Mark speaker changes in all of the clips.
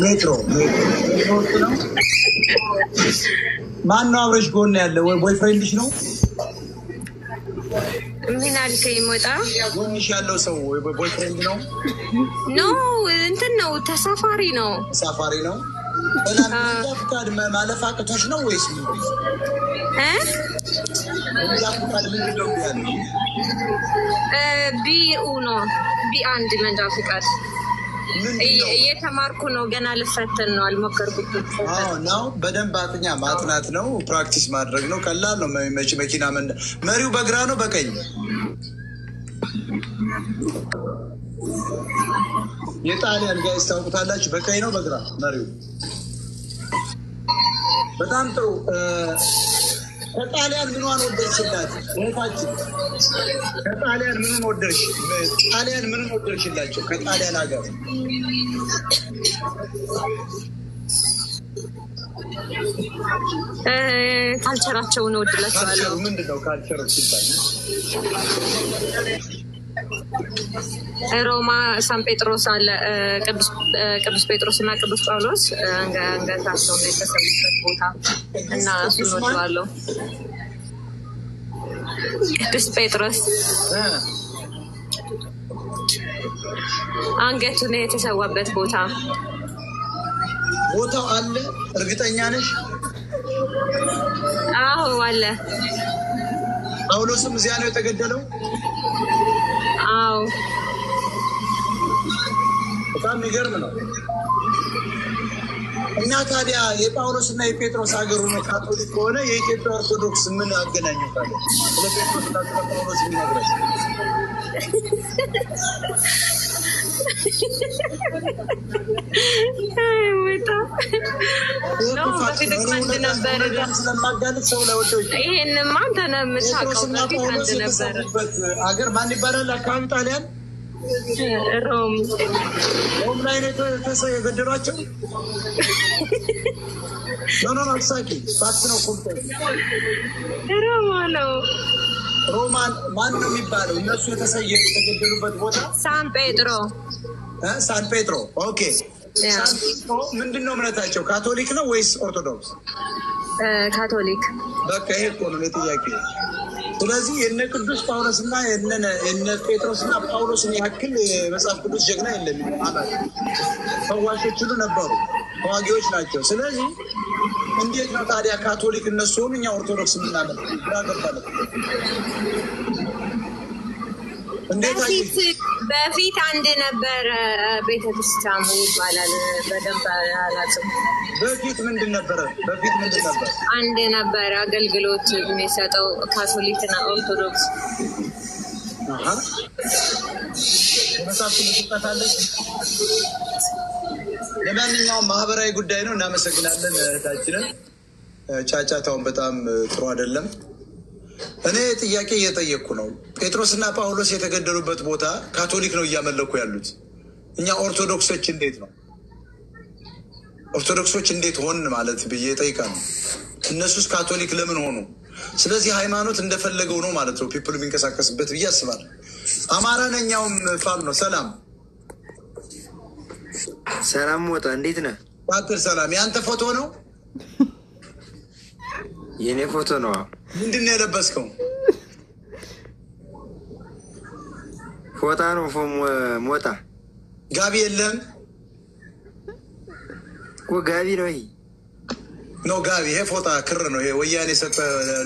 Speaker 1: ሜትሮ ማን ነው አብረሽ ጎን ያለ ቦይፍሬንድሽ ነው?
Speaker 2: ምን አልከኝ? ሞጣ
Speaker 1: ጎንሽ ያለው ሰው ቦይፍሬንድ ነው
Speaker 2: ኖ እንትን ነው ተሳፋሪ ነው
Speaker 1: ተሳፋሪ ነው። ፍቃድ ማለፍ አቅቶሽ ነው ወይስ
Speaker 2: ቢ ቢ አንድ መንጃ ፍቃድ እየተማርኩ ነው። ገና ልፈትን ነው። አልሞከርኩትም።
Speaker 1: ናው በደንብ አጥኛ። ማጥናት ነው፣ ፕራክቲስ ማድረግ ነው። ቀላል ነው። መቼ መኪና መንዳ መሪው በግራ ነው በቀኝ የጣሊያን ጋይስ ታውቁታላችሁ። በቀኝ ነው በግራ መሪው። በጣም ጥሩ ከጣሊያን ምኗን ወደድሽላት? እህታችን ከጣሊያን ምኑን ወደድሽ? ጣሊያን ምኑን ወደድሽላቸው? ከጣሊያን ሀገር
Speaker 2: ካልቸራቸውን ወድላቸዋለሁ።
Speaker 1: ምንድን ነው ካልቸር ሲባል
Speaker 2: ሮማ ሳን ጴጥሮስ አለ ቅዱስ ጴጥሮስ እና ቅዱስ ጳውሎስ አንገታቸው ነው የተሰሙበት ቦታ እና እሱን ቅዱስ ጴጥሮስ አንገቱ ነው የተሰዋበት ቦታ
Speaker 1: ቦታው አለ። እርግጠኛ ነሽ? አዎ አለ። ጳውሎስም እዚያ ነው የተገደለው። በጣም የሚገርም ነው። እና ታዲያ የጳውሎስ እና የጴጥሮስ ሀገር ሆኖ ካቶሊክ ከሆነ የኢትዮጵያ ኦርቶዶክስ ምን አገናኝታለ? አገር ማን ይባላል? አካባቢ ጣሊያን ሮም ሮም ላይ ነው የገደሏቸው። ኖኖ ፋክት ነው።
Speaker 2: ሮማ ነው
Speaker 1: ሮማን ማን ነው የሚባለው? እነሱ የተሰየ የተገደሉበት ቦታ
Speaker 2: ሳን ፔድሮ
Speaker 1: ሳን ፔድሮ ኦኬ ምንድን ነው እምነታቸው? ካቶሊክ ነው ወይስ ኦርቶዶክስ? ካቶሊክ። በቃ ይሄ እኮ ነው ጥያቄ። ስለዚህ የነ ቅዱስ ጳውሎስና የነ ጴጥሮስና ጳውሎስን ያክል የመጽሐፍ ቅዱስ ጀግና የለም። ፈዋሾች ሁሉ ነበሩ፣ ተዋጊዎች ናቸው። ስለዚህ እንዴት ነው ታዲያ ካቶሊክ እነሱ ሆኑ እኛ ኦርቶዶክስ ምናለ ገባለ።
Speaker 2: በፊት አንድ ነበር ቤተክርስቲያኑ ይባላል። በደንብ አላውቅም።
Speaker 1: በፊት ምንድን ነበረ? በፊት ምንድን ነበር?
Speaker 2: አንድ ነበር አገልግሎት የሚሰጠው ካቶሊክና ኦርቶዶክስ።
Speaker 1: ለማንኛውም ማህበራዊ ጉዳይ ነው። እናመሰግናለን እህታችንን። ጫጫታውን በጣም ጥሩ አይደለም። እኔ ጥያቄ እየጠየቅኩ ነው። ጴጥሮስና ጳውሎስ የተገደሉበት ቦታ ካቶሊክ ነው እያመለኩ ያሉት። እኛ ኦርቶዶክሶች እንዴት ነው ኦርቶዶክሶች እንዴት ሆን ማለት ብዬ ነው። እነሱስ ካቶሊክ ለምን ሆኑ? ስለዚህ ሃይማኖት እንደፈለገው ነው ማለት ነው ፒፕል የሚንቀሳቀስበት ብዬ አስባል። አማራ ነኛውም ፋል ነው። ሰላም
Speaker 3: ሰላም፣ ሞጣ እንዴት ነህ?
Speaker 1: ባትር ሰላም፣ ያንተ ፎቶ ነው
Speaker 3: የእኔ ፎቶ ነው።
Speaker 1: ምንድን ነው የለበስከው?
Speaker 3: ፎጣ ነው ሞጣ። ጋቢ የለም እኮ ጋቢ ነው ይሄ
Speaker 1: ነው ጋቢ። ይሄ ፎጣ ክር ነው። ይሄ ወያኔ ሰጠ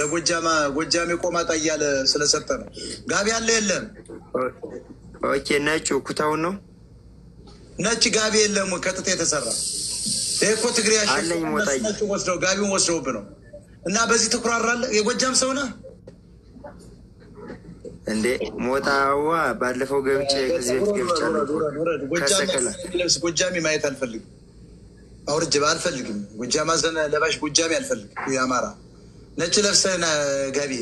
Speaker 1: ለጎጃማ ጎጃሜ ቆማጣ እያለ ስለሰጠ ነው። ጋቢ አለ የለም?
Speaker 3: ኦኬ። ነጩ ኩታውን ነው
Speaker 1: ነጭ ጋቢ የለም፣ ከጥጥ የተሰራ ይሄ እኮ ትግሬ ያሸ ወስደው ጋቢውን ወስደውብ ነው እና በዚህ ትኩራራለህ? የጎጃም ሰው ነህ
Speaker 3: እንዴ? ሞታዋ ባለፈው ገብቼ ከዚህ በፊት ገብቻለሁ።
Speaker 1: ጎጃሜ ማየት አልፈልግም፣ አውርጅ አልፈልግም። ጎጃም አዘነ ለባሽ ጎጃሜ አልፈልግም። የአማራ ነጭ ለብሰህ ገቢ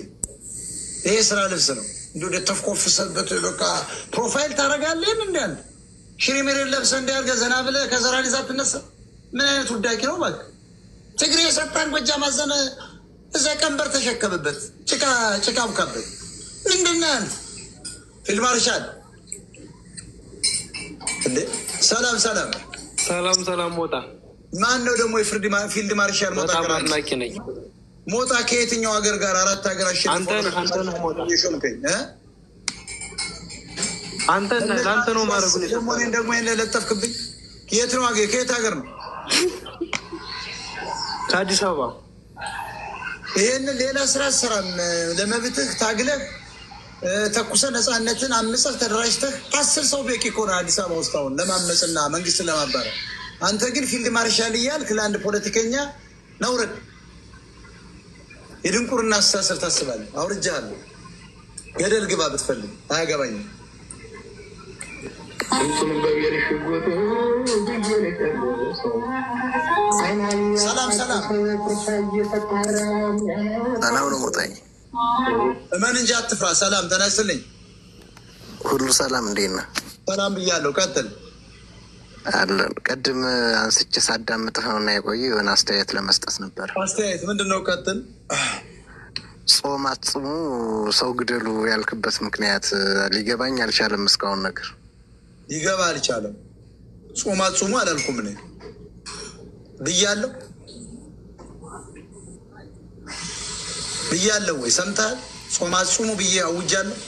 Speaker 1: ይሄ ስራ ልብስ ነው። እንዲ ተፍኮፍሰበት በቃ ፕሮፋይል ታደርጋለህ እንዲያል ሽሪሜሬ ለብሰህ እንዲያርገ ዘና ብለህ ከዘራ ሊዛ ትነሳ ምን አይነት ውዳቂ ነው? በቃ ትግሬ የሰጣን ጎጃም አዘነ እዛ ቀንበር ተሸከምበት ጭቃም ከበት ምንድናል ፊልድ ማርሻል እንዴ! ሰላም ሰላም
Speaker 3: ሰላም ሰላም። ሞጣ
Speaker 1: ማን ነው ደግሞ ፊልድ ማርሻል
Speaker 3: ሞጣ? አድናቂ ነኝ።
Speaker 1: ሞጣ ከየትኛው ሀገር ጋር አራት ሀገር አንተ ነው ማድረጉ ደግሞ ለጠፍክብኝ። የት ነው ከየት ሀገር ነው? ከአዲስ አበባ ይህንን ሌላ ስራ ስራም ለመብትህ ታግለህ ተኩሰ ነፃነትን አምፀህ ተደራጅተህ አስር ሰው በቂ እኮ አዲስ አበባ ውስጥ አሁን ለማመፅና መንግስትን ለማባረር። አንተ ግን ፊልድ ማርሻል እያልክ ለአንድ ፖለቲከኛ ነውረድ የድንቁርና አስተሳሰብ ታስባለህ። አውርጃለሁ። ገደል ግባ ብትፈልግ አያገባኝም። ሰላም ሰላም ሰላም
Speaker 3: ነው። ሞጣዬ
Speaker 1: እመን እንጂ አትፍራ። ሰላም ተነስልኝ።
Speaker 3: ሁሉ ሰላም እንዴት ነህ?
Speaker 1: ሰላም ብያለሁ። ቀጥል
Speaker 3: አለን። ቅድም አንስቼ ሳዳምጥህ ነው እና የቆየ የሆነ አስተያየት ለመስጠት ነበር።
Speaker 1: አስተያየት ምንድን ነው? ቀጥል።
Speaker 3: ጾም አጽሙ ሰው ግደሉ ያልክበት ምክንያት ሊገባኝ አልቻለም እስካሁን ነገር
Speaker 1: ይገባ አልቻለም። ጾም አትጾሙ አላልኩም እኔ ብያለሁ ብያለሁ ወይ ሰምተሃል? ጾማ አትጾሙ ብዬ አውጃለሁ።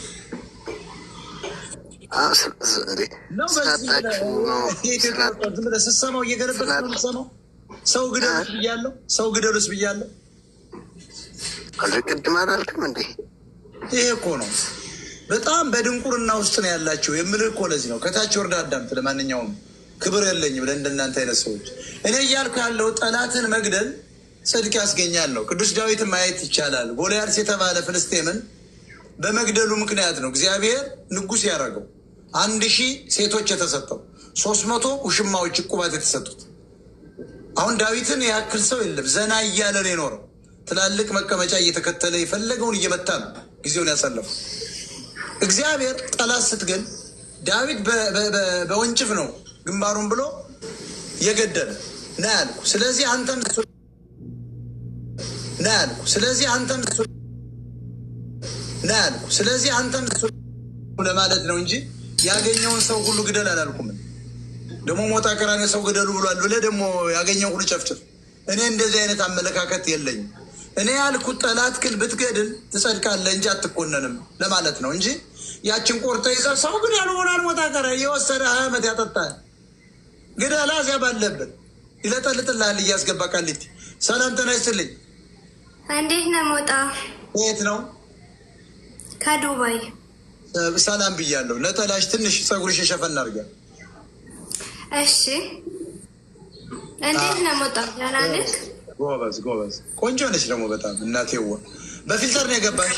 Speaker 1: ስሰማው እየገለበት ሰማው ሰው ግደሉስ ብያለሁ። ሰው ግደሉስ ብያለሁ።
Speaker 3: ቅድም አላልክም እንዴ?
Speaker 1: ይሄ እኮ ነው በጣም በድንቁርና ውስጥ ነው ያላቸው የምልህ እኮ ለዚህ ነው። ከታች ወርዳ ለማንኛውም ክብር የለኝም ብለን እንደናንተ አይነት ሰዎች እኔ እያልኩ ያለው ጠላትን መግደል ጽድቅ ያስገኛል ነው። ቅዱስ ዳዊትን ማየት ይቻላል። ጎልያድ የተባለ ፍልስጤምን በመግደሉ ምክንያት ነው እግዚአብሔር ንጉሥ ያደረገው። አንድ ሺህ ሴቶች የተሰጠው ሶስት መቶ ውሽማዎች እቁባት የተሰጡት። አሁን ዳዊትን ያክል ሰው የለም። ዘና እያለ ነው የኖረው። ትላልቅ መቀመጫ እየተከተለ የፈለገውን እየመታ ነው ጊዜውን ያሳለፉ እግዚአብሔር ጠላት ስትገል ዳዊት በወንጭፍ ነው ግንባሩን ብሎ የገደለ ና ያልኩ። ስለዚህ አንተም ና ያልኩ። ስለዚህ አንተም ና ያልኩ። ስለዚህ አንተም ለማለት ነው እንጂ ያገኘውን ሰው ሁሉ ግደል አላልኩም። ደግሞ ሞታ ቀራኔ ሰው ግደሉ ብሏል ብለህ ደግሞ ያገኘው ሁሉ ጨፍጭፍ። እኔ እንደዚህ አይነት አመለካከት የለኝም። እኔ ያልኩት ጠላት ግን ብትገድል ትጸድቃለ እንጂ አትኮነንም ለማለት ነው እንጂ ያችን ቆርጦ ይዘ ሰው ግን ያልሆነ አልሞታ ቀረ እየወሰደ ሀያ ዓመት ያጠጣል። ግድ አላዚያ ባለብን ይለጠልጥልሃል እያስገባ ቃሊቲ። ሰላም ጤና
Speaker 2: እንዴት ነው ሞጣ? የት ነው? ከዱባይ
Speaker 1: ሰላም ብያለሁ። ነጠላሽ ትንሽ ፀጉርሽ የሸፈን አድርጊያለሁ።
Speaker 2: እሺ፣ እንዴት ነው ሞጣ? ደህና ነህ?
Speaker 1: ጎበዝ ጎበዝ፣ ቆንጆ ነች ደግሞ በጣም እናቴዋ። በፊልተር ነው የገባሽ?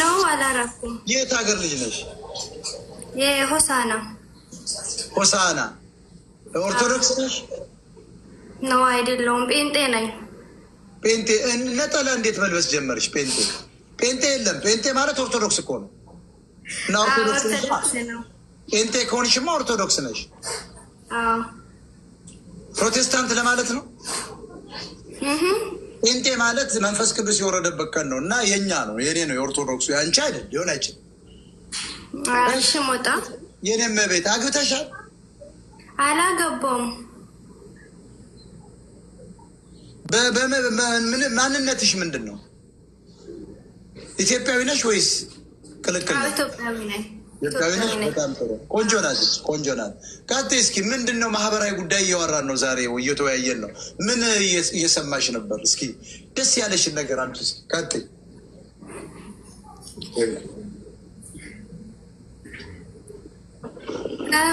Speaker 2: ነው አላረኩም።
Speaker 1: የት ሀገር ልጅ ነሽ?
Speaker 2: የሆሳና
Speaker 1: ሆሳና። ኦርቶዶክስ ነሽ?
Speaker 2: ነው አይደለውም ጴንጤ ነኝ።
Speaker 1: ጴንጤ ነጠላ እንዴት መልበስ ጀመርሽ? ጴንጤ ጴንጤ የለም። ጴንጤ ማለት ኦርቶዶክስ እኮ ነው። እና ኦርቶዶክስ ጴንጤ ከሆንሽማ ኦርቶዶክስ ነሽ። ፕሮቴስታንት ለማለት ነው። ጴንጤ ማለት መንፈስ ቅዱስ የወረደበት ቀን ነው እና የኛ ነው የኔ ነው የኦርቶዶክሱ፣ ያንቺ አይደል ሊሆን አይችልም። ሽሞጣ የኔም መቤት አግብተሻል?
Speaker 2: አላገባውም።
Speaker 1: ማንነትሽ ምንድን ነው? ኢትዮጵያዊ ነሽ ወይስ ክልክል
Speaker 2: ኢትዮጵያዊ ነኝ።
Speaker 1: የታገኘች በጣም ጥሩ ቆንጆ ናት። ቆንጆ ናት። ቃጤ እስኪ ምንድን ነው ማህበራዊ ጉዳይ እያወራን ነው ዛሬ እየተወያየን ነው። ምን እየሰማሽ ነበር? እስኪ ደስ ያለሽን ነገር አንቺ እስኪ ቃጤ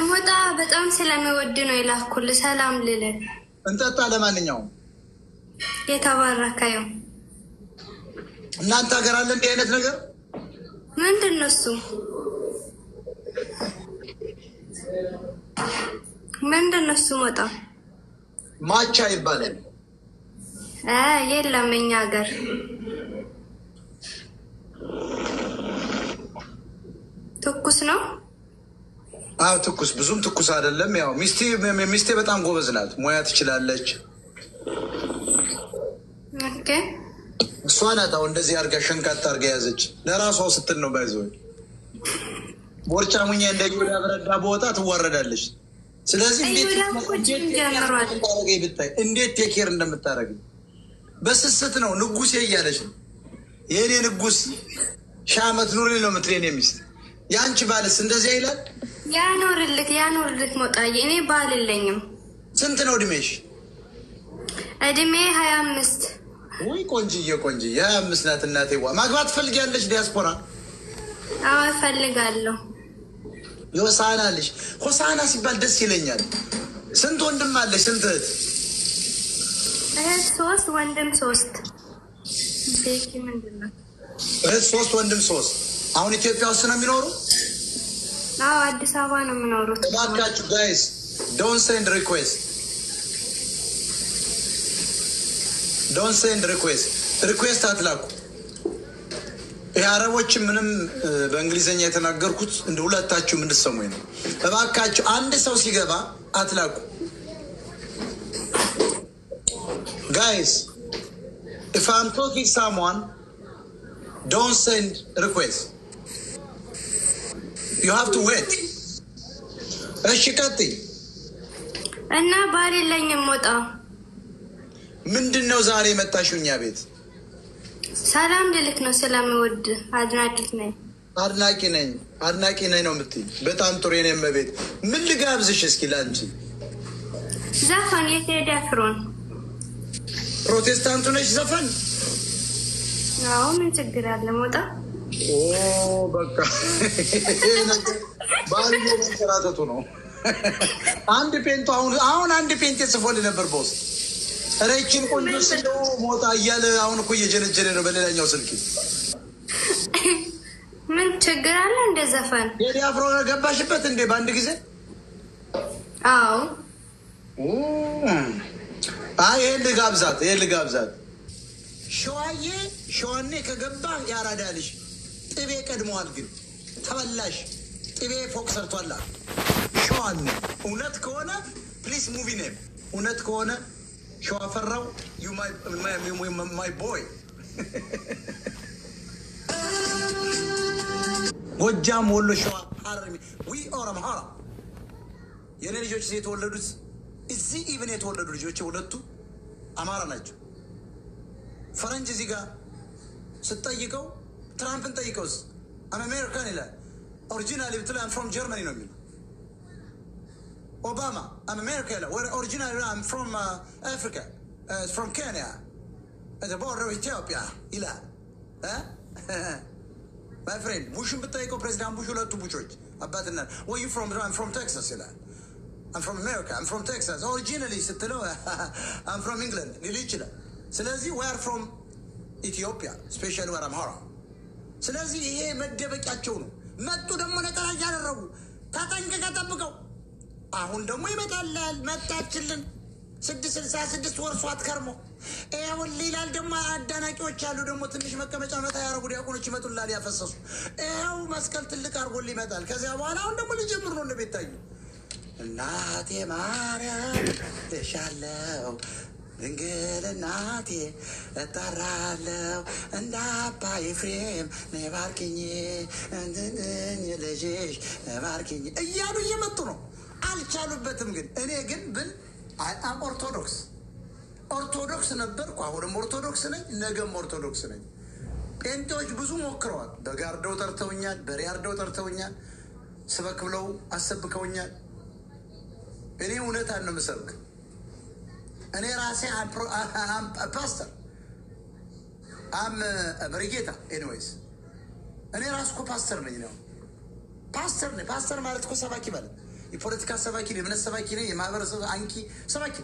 Speaker 2: ሞጣ በጣም ስለሚወድ ነው ይላኩል። ሰላም ልልን
Speaker 1: እንጠጣ። ለማንኛውም
Speaker 2: የተባረከየው
Speaker 1: እናንተ ሀገር አለ እንዲህ አይነት ነገር
Speaker 2: ምንድን ነው እሱ ምንድን ነው እሱ? ሞጣ
Speaker 1: ማቻ ይባላል።
Speaker 2: የለም እኛ ሀገር ትኩስ ነው።
Speaker 1: አዎ ትኩስ፣ ብዙም ትኩስ አይደለም። ያው ሚስቴ በጣም ጎበዝ ናት፣ ሙያ ትችላለች። እሷ ናት አሁን እንደዚህ አድርጋ ሸንካታ አድርጋ የያዘች ለራሷ ስትል ነው ባይዘወች ቦርጫ ሙኛ እንደ ይሁዳ በረዳ በወጣ ትዋረዳለች። ስለዚህ ብታይ እንዴት ቴኬር እንደምታደረግ በስስት ነው። ንጉሴ እያለች ነው የእኔ ንጉስ ሺህ ዓመት ኑሪ ነው ምትሬን የሚስት የአንቺ ባልስ እንደዚያ ይላል።
Speaker 2: ያኖርልክ ያኖርልክ ሞጣዬ፣ እኔ ባል የለኝም።
Speaker 1: ስንት ነው እድሜሽ?
Speaker 2: እድሜ ሀያ አምስት
Speaker 1: ወይ ቆንጅዬ፣ ቆንጅዬ ሀያ አምስት ናት ዋ ማግባት ትፈልጊያለሽ? ዲያስፖራ
Speaker 2: አዎ እፈልጋለሁ።
Speaker 1: የሆሳና አለሽ። ሆሳና ሲባል ደስ ይለኛል። ስንት ወንድም አለሽ? ስንት
Speaker 2: እህት? ሶስት ወንድም ሶስት።
Speaker 1: እህት ሶስት ወንድም ሶስት። አሁን ኢትዮጵያ ውስጥ ነው የሚኖሩ?
Speaker 2: አዎ አዲስ አበባ ነው የሚኖሩት።
Speaker 1: እባካችሁ ጋይስ ዶን ሴንድ ሪኩዌስት ዶን ሴንድ ሪኩዌስት ሪኩዌስት አትላኩ የአረቦች ምንም በእንግሊዝኛ የተናገርኩት እንደ ሁለታችሁ እንድትሰሙኝ ነው። እባካችሁ አንድ ሰው ሲገባ አትላቁ። ጋይስ ኢፍ አም ቶኪንግ ሳምዋን ዶን ሴንድ ሪኩዌስት ዩ ሃቭ ቱ ዌት። እሺ ቀጥይ
Speaker 2: እና ባል የለኝም ወጣ
Speaker 1: ምንድን ነው ዛሬ የመጣሽው እኛ ቤት
Speaker 2: ሰላም ልልክ ነው። ስለምወድ አድናቂት ነኝ
Speaker 1: አድናቂ ነኝ አድናቂ ነኝ ነው የምትይኝ። በጣም ጥሩ የኔ እመቤት። ምን ልጋብዝሽ እስኪ ለአንቺ
Speaker 2: ዘፈን የቴዲ አፍሮን
Speaker 1: ፕሮቴስታንቱ ነች ዘፈን።
Speaker 2: አዎ ምን ችግር አለ? ሞጣ
Speaker 1: በቃ በአንድ መንሸራተቱ ነው። አንድ ፔንቱ አሁን አሁን አንድ ፔንት የጽፎል ነበር በውስጥ ረጅም ቆንጆ ስለው ሞጣ እያለ አሁን እኮ እየጀነጀነ ነው። በሌላኛው ስልክ
Speaker 2: ምን ችግር አለ? እንደ ዘፈን
Speaker 1: ቴዲ አፍሮ ገባሽበት እንዴ? በአንድ ጊዜ አዎ። አይ ይሄን ልጋብዛት፣ ይሄን ልጋብዛት። ሸዋዬ ሸዋኔ ከገባ ልጅ ጥቤ ቀድመዋል፣ ግን ተበላሽ። ጥቤ ፎቅ ሰርቷላ። ሸዋኔ እውነት ከሆነ ፕሊስ ሙቪ ኔም እውነት ከሆነ ሸዋፈራው ማይ ቦይ ጎጃም፣ ወሎ፣ ሸዋ፣ ሐረር ዊ ኦር አምሃራ የእኔ ልጆች የተወለዱት እዚህ ኢብን የተወለዱ ልጆች ሁለቱ አማራ ናቸው። ፈረንጅ እዚህ ጋር ስትጠይቀው ትራምፕን ጠይቀውስ አሜሪካን ይላል። ኦሪጂናል ብትላን ፍሮም ጀርመኒ ነው የሚለው ኦባማ አሜሪካ ላ ኦሪጂናል አም ፍሮም አፍሪካ ፍሮም ኬንያ ቦርደር ኢትዮጵያ ይላል። ማይ ፍሬንድ ቡሽን ብጠይቀው ፕሬዚዳንት ቡሽ ሁለቱ ቡሾች አባትና ወይ ፍሮም ፍሮም ቴክሳስ ይላል። አም ፍሮም አሜሪካ አም ፍሮም ቴክሳስ ኦሪጂናሊ ስትለው አም ፍሮም ኢንግላንድ ሊል ይችላል። ስለዚህ ወይ አር ፍሮም ኢትዮጵያ ስፔሻሊ ወር አምሃራ። ስለዚህ ይሄ መደበቂያቸው ነው። መጡ ደግሞ ነጠላ እያደረጉ ተጠንቅቀህ ጠብቀው አሁን ደግሞ ይመጣላል። መጣችልን ስድስት ስልሳ ስድስት ወርሷት ከርሞ ይሁን ይላል። ደግሞ አዳናቂዎች አሉ። ደግሞ ትንሽ መቀመጫ መታ ያደረጉ ዲያቆኖች ይመጡላል ያፈሰሱ። ይኸው መስቀል ትልቅ አድርጎል ይመጣል። ከዚያ በኋላ አሁን ደግሞ ሊጀምር ነው እንደ እናቴ ማርያም እሻለው ድንግል እናቴ እጠራለው እንደ አባ ኤፍሬም ነባርኪኝ እንድንኝ ልጅሽ ነባርኪኝ እያሉ እየመጡ ነው አልቻሉበትም። ግን እኔ ግን ብል አም ኦርቶዶክስ ኦርቶዶክስ ነበርኩ፣ አሁንም ኦርቶዶክስ ነኝ፣ ነገም ኦርቶዶክስ ነኝ። ጴንጤዎች ብዙ ሞክረዋል። በግ አርደው ጠርተውኛል፣ በሬ አርደው ጠርተውኛል፣ ስበክ ብለው አሰብከውኛል። እኔ እውነት ነው የምሰብክ። እኔ ራሴ ፓስተር አም ብርጌታ ኤኒዌይስ እኔ ራስኮ ፓስተር ነኝ ነው ፓስተር ነኝ። ፓስተር ማለት እኮ ሰባኪ ማለት የፖለቲካ ሰባኪ ነው፣ የእምነት ሰባኪ ነው፣ የማህበረሰብ አንቂ ሰባኪ።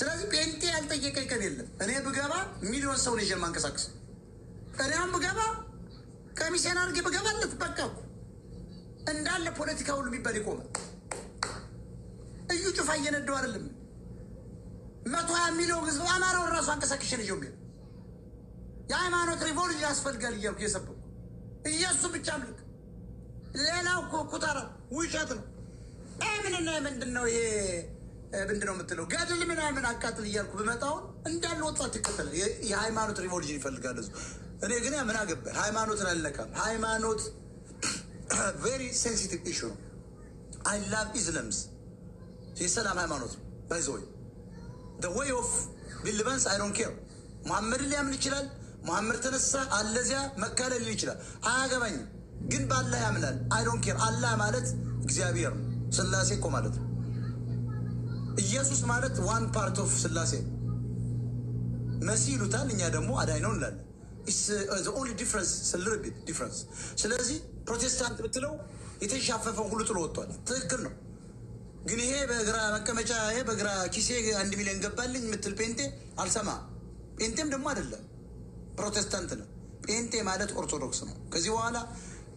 Speaker 1: ስለዚህ ጴንጤ ያልጠየቀ ቀን የለም። እኔ ብገባ ሚሊዮን ሰው ነው ይዤ የማንቀሳቀስ። እኔም ብገባ ከሚሴን አድርጌ ብገባለት በቃ እንዳለ ፖለቲካ ሁሉ የሚባል ይቆመ። እዩ ጩፋ እየነደው አይደለም መቶ ሀያ ሚሊዮን ህዝብ አማራውን ራሱ አንቀሳቀሽ ልጅ ሚል የሃይማኖት ሪቮሉሽን ያስፈልጋል እያልኩ እየሰበኩ እየሱ ብቻ ምልክ ሌላው እኮ ኩታራ ውሸት ነው። ምንና ምንድን ነው ይሄ? ምንድን ነው የምትለው? ገድል ምናምን አቃጥል እያልኩ ብመጣውን እንዳለ ወጣት ይከተላል። የሃይማኖት ሪቮሉሽን ይፈልጋል እሱ። እኔ ግን ምን አገባኝ? ሃይማኖትን አልነካም። ሃይማኖት ቬሪ ሴንሲቲቭ ኢሹ ነው። አይ ላቭ የሰላም ሃይማኖት ወይ ኦፍ አይ ዶንት ኬር። መሐመድን ሊያምን ይችላል። መሐመድ ተነሳ አለዚያ መካለል ይችላል። አያገባኝም። ግን በአላህ ያምናል። አይ ዶንት ኬር። አላህ ማለት እግዚአብሔር ነው። ስላሴ እኮ ማለት ነው። ኢየሱስ ማለት ዋን ፓርት ኦፍ ስላሴ መሲ ይሉታል። እኛ ደግሞ አዳኝ ነው እንላለን። ኦንሊ ዲፍረንስ ስልርቢት ዲፍረንስ። ስለዚህ ፕሮቴስታንት ብትለው የተንሻፈፈው ሁሉ ጥሎ ወጥቷል። ትክክል ነው። ግን ይሄ በግራ መቀመጫ ይሄ በግራ ኪሴ አንድ ሚሊዮን ገባልኝ የምትል ጴንጤ አልሰማ። ጴንጤም ደግሞ አይደለም ፕሮቴስታንት ነው። ጴንጤ ማለት ኦርቶዶክስ ነው። ከዚህ በኋላ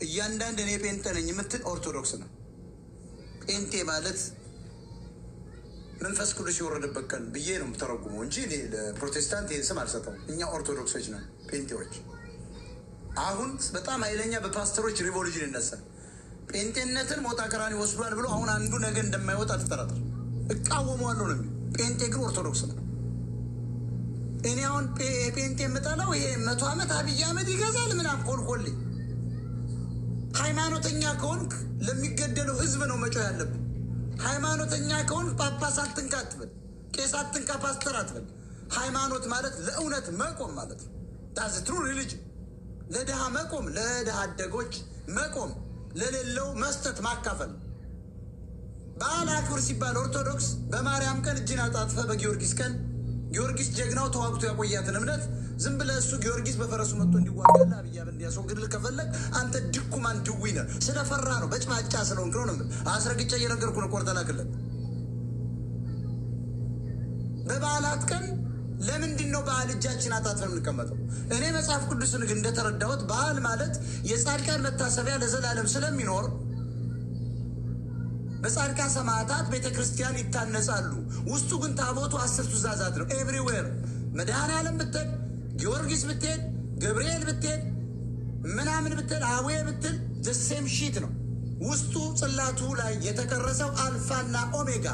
Speaker 1: እያንዳንድ እኔ ጴንጤ ነኝ የምትል ኦርቶዶክስ ነው። ጴንጤ ማለት መንፈስ ቅዱስ የወረደበት ቀን ብዬ ነው የምተረጉመው እንጂ ለፕሮቴስታንት ይህን ስም አልሰጠው። እኛ ኦርቶዶክሶች ነን ፔንቴዎች አሁን በጣም ኃይለኛ በፓስተሮች ሪቮሉሽን ይነሳል። ጴንጤነትን ሞጣ ቀራኒ ወስዷል ብሎ አሁን አንዱ ነገ እንደማይወጣ አትጠራጠር። እቃወመዋለሁ ነው። ጴንጤ ግን ኦርቶዶክስ ነው። እኔ አሁን ጴንጤ የምጠላው ይሄ መቶ ዓመት አብይ አህመድ ይገዛል ምናምን ኮልኮሌ ሃይማኖተኛ ከሆንክ ለሚገደለው ህዝብ ነው መጮህ ያለብን። ሃይማኖተኛ ከሆን ጳጳስ አትንካ አትበል፣ ቄስ አትንካ፣ ፓስተር አትበል። ሃይማኖት ማለት ለእውነት መቆም ማለት ነው። ዳዝ ትሩ ሪሊጅን ለድሃ መቆም፣ ለድሃ አደጎች መቆም፣ ለሌለው መስጠት ማካፈል። በዓል አክብር ሲባል ኦርቶዶክስ በማርያም ቀን እጅን አጣጥፈ በጊዮርጊስ ቀን ጊዮርጊስ ጀግናው ተዋግቶ ያቆያትን እምነት ዝም ብለህ እሱ ጊዮርጊስ በፈረሱ መጥቶ እንዲዋጋል አብይ አህመድ እንዲያስወግድልህ ከፈለግ አንተ ድኩም አንድዊ ስለፈራ ነው፣ በጭማጫ ስለሆንክ ነው። አስረግጫ እየነገርኩ ነው። ቆርጠህ ላክለት። በበዓላት ቀን ለምንድን ነው በዓል እጃችን አጣጥፈን የምንቀመጠው? እኔ መጽሐፍ ቅዱስን እንደተረዳሁት በዓል ማለት የጻድቃን መታሰቢያ ለዘላለም ስለሚኖር በጻድቃን ሰማዕታት ቤተ ክርስቲያን ይታነጻሉ። ውስጡ ግን ታቦቱ አስር ትእዛዛት ነው። ኤቭሪዌር መድኃኔ ዓለም ብትል፣ ጊዮርጊስ ብትል፣ ገብርኤል ብትል፣ ምናምን ብትል፣ አዌ ብትል ዘ ሺት ነው። ውስጡ ጽላቱ ላይ የተቀረጸው አልፋና ኦሜጋ